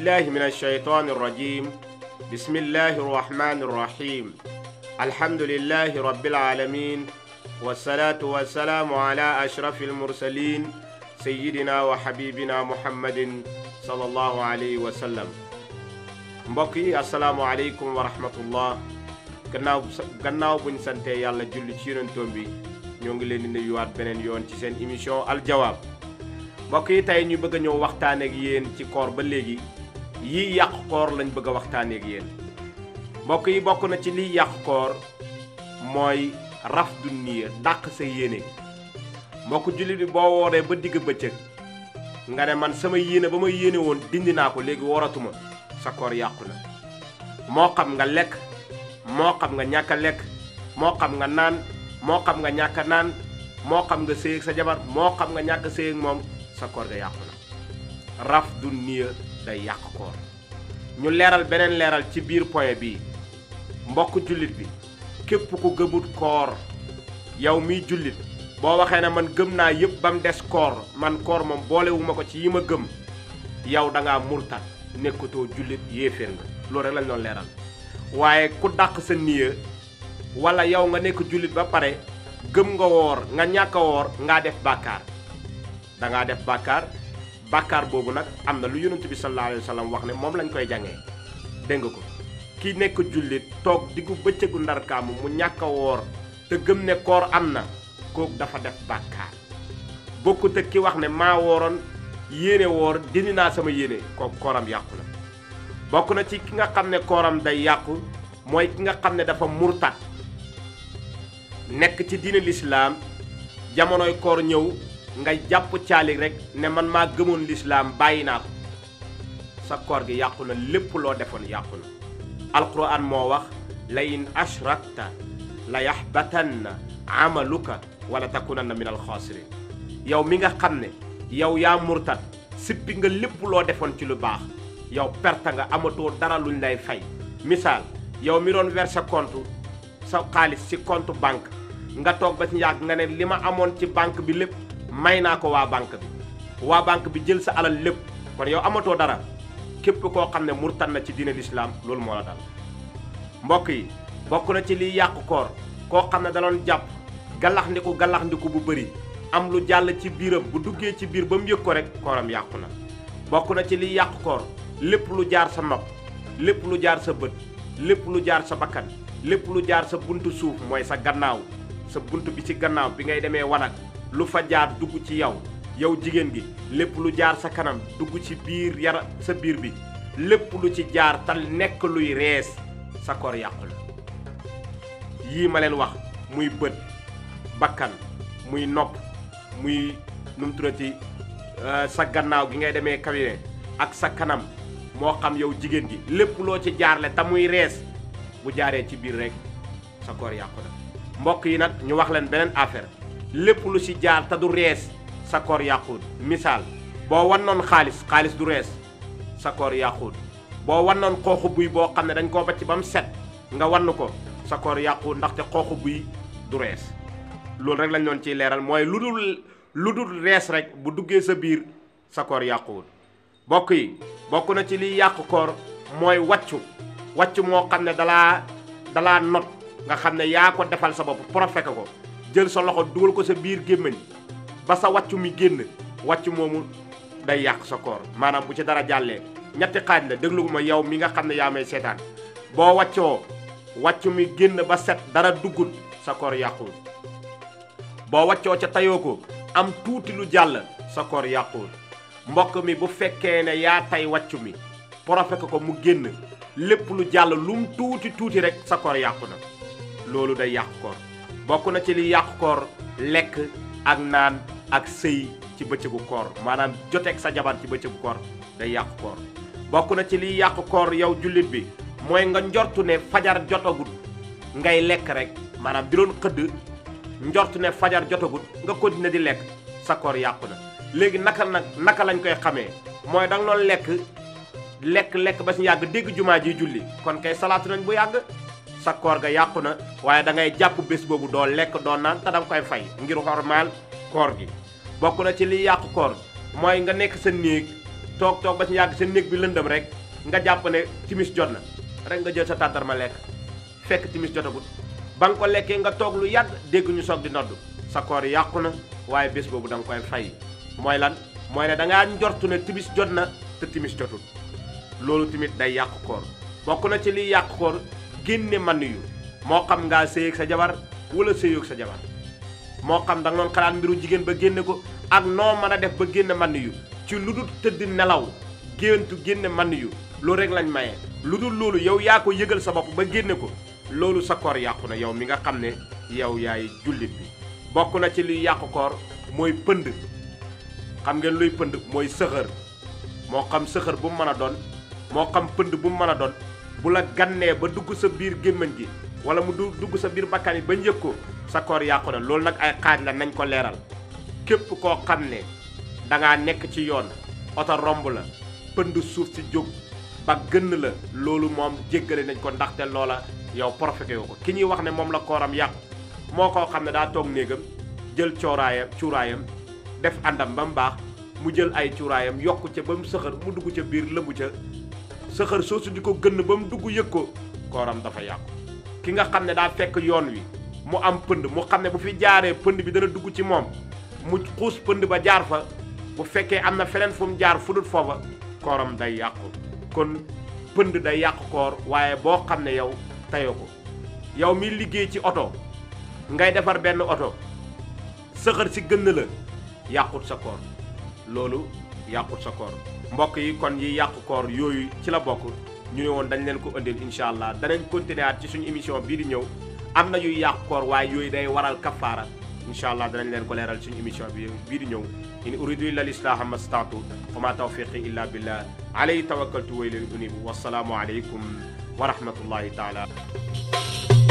بالله من الشيطان الرجيم بسم الله الرحمن الرحيم الحمد لله رب العالمين والصلاة والسلام على أشرف المرسلين سيدنا وحبيبنا محمد صلى الله عليه وسلم مبكي السلام عليكم ورحمة الله gannaaw buñ santee yàlla julli ci yonentoom bi ñoo ngi leen di nuyuwaat beneen yoon ci seen émission aljawaab mbokk yi tey ñu bëgg ñëw waxtaan ak yéen ci koor ba léegi yi yak koor lañ bëgg a ak yeen mbokk yi bokk na ci li yak koor mooy raf du dak dàq sa yéene mbokk julli bi boo wooree ba digg bëccëg nga ne man sama yéene ba ma yéene woon dindi naa ko léegi wooratuma sa koor yàqu na moo xam nga lekk moo xam nga ñàkk a lekk moo xam nga naan moo xam nga ñàkk a naan moo xam nga séy sa jabar moo xam nga ñàkk moom sa koor ga yàqu na raf du day yak ko ñu leral benen leral ci bir point bi mbokk julit bi kep ku gëmut koor yow mi julit bo waxee na man gëm na yépp bam dess koor man koor bolé wu mako ci yima ma gëm yow da nga murtat nekkatoo julit yéeféer nga lo rek lañ doon leral waye ku dakk sa niya wala yow nga nekk julit ba pare gëm nga wor nga ñaka wor nga def bakar da nga def bakar bàkkaar boobu nag am na lu yonent bi sallallahu alayhi wa wax ne moom lañu koy jàngee dégg nga ko ki nekk jullit toog diggu bëccëgu ndarkaamu mu ñàkk a woor te ne koor am na kook dafa def bàkkaar bokkut ak wax ne maa wooroon yéene woor dindi sama yéene kooku kooram yàqu na bokk na ci ki nga xam ne kooram day yàqu mooy ki nga xam ne dafa murtat nekk ci diine lislaam jamonoy koor ñëw nga jàpp caali rek ne man maa gëmoon lislaam bàyyi naa ko sa koor gi yàqu na lépp loo defoon yàqu na alquran moo wax la in ashrakta la yaxbatanna amaluka wala takunanna min alxaasirin yow mi nga xam ne yow yaa murtat sippi nga lépp loo defoon ci lu baax yow perte nga amatoo dara luñ lay fay misaal yow mi wer sa compte sa xaalis ci compte banque nga toog ba ci yàgg nga ne li ma amoon ci banque bi lépp mayna ko wa bank bi wa bank bi jël sa alal lepp kon yow amato dara kep ko xamne murtan na ci diine l'islam loolu mo la dal mbok yi bokku na ci li yàqu koor ko xamne da lon japp galax ndiku galax ndiku bu beuri am lu jall ci biiram bu duggé ci biir bam mu ko rek koram na na ci li koor lepp lu jaar sa nop lepp lu jaar sa beut lepp lu jaar sa bakkan lepp lu jaar sa buntu suuf moy sa gannaaw sa buntu bi ci gannaaw bi ngay démé wanak lu fa jaar dugg ci yow yow jigéen gi lépp lu jaar sa kanam dugg ci biir yara sa biir bi lépp lu ci jaar tal nekk luy rees sa koor yàqu la yii ma leen wax muy bët bakkan muy nopp muy nu mu turati euh, sa gannaaw gi ngay demee cabinet ak sa kanam moo xam yow jigéen gi lépp loo ci jaarle te muy rees bu jaaree ci biir rek sa koor yàqu la mbokk yi nag ñu wax leen beneen affaire lépp lu ci jaar te du rees sa koor yàquut misaal boo wannoon xaalis xaalis du rees sa koor yàquut boo wannoon xooxu buy boo xam ne dañ koo bacc ba mu set nga wann ko sa koor yàquut ndaxte xooxu buy du rees loolu rek lañ doon ciy leeral mooy lu dul lu dul rees rek bu duggee sa biir sa koor yàquwul bokk yi bokk na ci liy yàq koor mooy wàccu wàccu moo xam ne dalaa dalaa not nga xam ne yaa ko defal sa bopp profet ko jël sa loxo dugal ko sa biir gémmañ ba sa wàccu mi génn wàccu moomu day yàq sa koor maanaam bu ci dara jàllee ñetti xaaj la déglu ma yow mi nga xam ne yaa may seetaan boo wàccoo wàccu mi génn ba set dara duggul sa koor yàquwul boo wàccoo ca teyoo ko am tuuti lu jàll sa koor yàquwul mbokk mi bu fekkee ne yaa tey wàccu mi profet ko mu génn lépp lu jàll lum tuuti tuuti rek sa koor yàqu na loolu day yàq koor bokku na ci li yak koor lek ak naan ak sey ci beccu koor manam jotek sa jabar ci beccu koor day yak koor bokku na ci li yak koor yow julit bi moy nga njortu ne fajar jotagut ngay lek rek manam di don xëdd njortu ne fajar jotagut nga continuer di lek sa koor yàqu na léegi naka nak naka lañ koy xamee moy dang non lek lek lek ba ji julli kon kay salatu nañ bu yag sa koor ga yàqu na da ngay japp bes bobu do lek do nan ta dang koy fay ngir xormaal koor gi bokku na ci li yak koor moy nga nek sa tok tok ba ci yag sa néeg bi lëndëm rek nga japp ne timis jotna rek nga jël sa tàndarma lek fek timis jotagut bang ko lekke nga tok lu yag dekunyu ñu sok di noddu sa koor yakuna waye bes bobu dang koy fay moy lan moy ne da nga njortu ne timis jotna te timis jotul loolu timit day yak koor bokku na ci li yak koor génne man yu moo xam ngaa séyeeg sa jabar wala séyoog sa jabar moo xam da nga doon xalaat mbiru jigéen ba génne ko ak noo mën a def ba génne man yu ci lu dul tëdd nelaw géntu génne man yu loolu rek lañ maye. lu dul loolu yow yaa ko yëgal sa bopp ba génne ko loolu sa koor yàqu na yow mi nga xam ne yow yaay jullit bi bokk na ci luy yàqu koor mooy pënd xam ngeen luy pënd mooy sëxër moo xam sëxër bu mu mën a doon moo xam pënd bu mën a doon bu la ganné ba dugg sa bir gémmañ gi wala mu dugg sa bir bakkan yi ba njëkk sa koor yàqu na loolu nag ay xaaj la nañ ko leeral képp ko xam da nga nekk ci yoon auto romb la pënd suuf si jog ba gënn la loolu moom jéggalé nañ ko ndaxte loola yow profité yoo ki ñi wax né moom la kooram yaq moko da tok jël cioraayam def andam bam mujel baax mu jël ay cuuraayam yokku ci bam mu sëxër mu dugg ci bir lëmbu ci sa xar soosu di ko gënn ba mu dugg yëg ko kooram dafa yàqu ki nga xam ne daa fekk yoon wi mu am pënd mu xam ne bu fi jaaree pënd bi dana dugg ci moom mu xuus pënd ba jaar fa bu fekkee am na feneen fu jaar fu dul foofa kooram day yàqu kon pënd day yàq koor waaye boo xam ne yow tayoo ko yow mi liggéey ci oto ngay defar benn oto sëxër si gën la yàqut sa koor loolu yàqut sa koor mbokk yi kon yi yàqu koor yooyu ci la bokk ñu ne woon dañ leen ko indil incha allah danañ continuer at ci suñu émission bii di ñëw am na yuy yàqu koor waaye yooyu day waral kafaara incha allah danañ leen ko leeral suñu émission bi bii di ñëw in uridu illa lislaaha mastaatu wa ma tawfiqi illa billah alayhi tawakkaltu wa ilayhi unibu wasalaamu aleykum wa rahmatullahi taala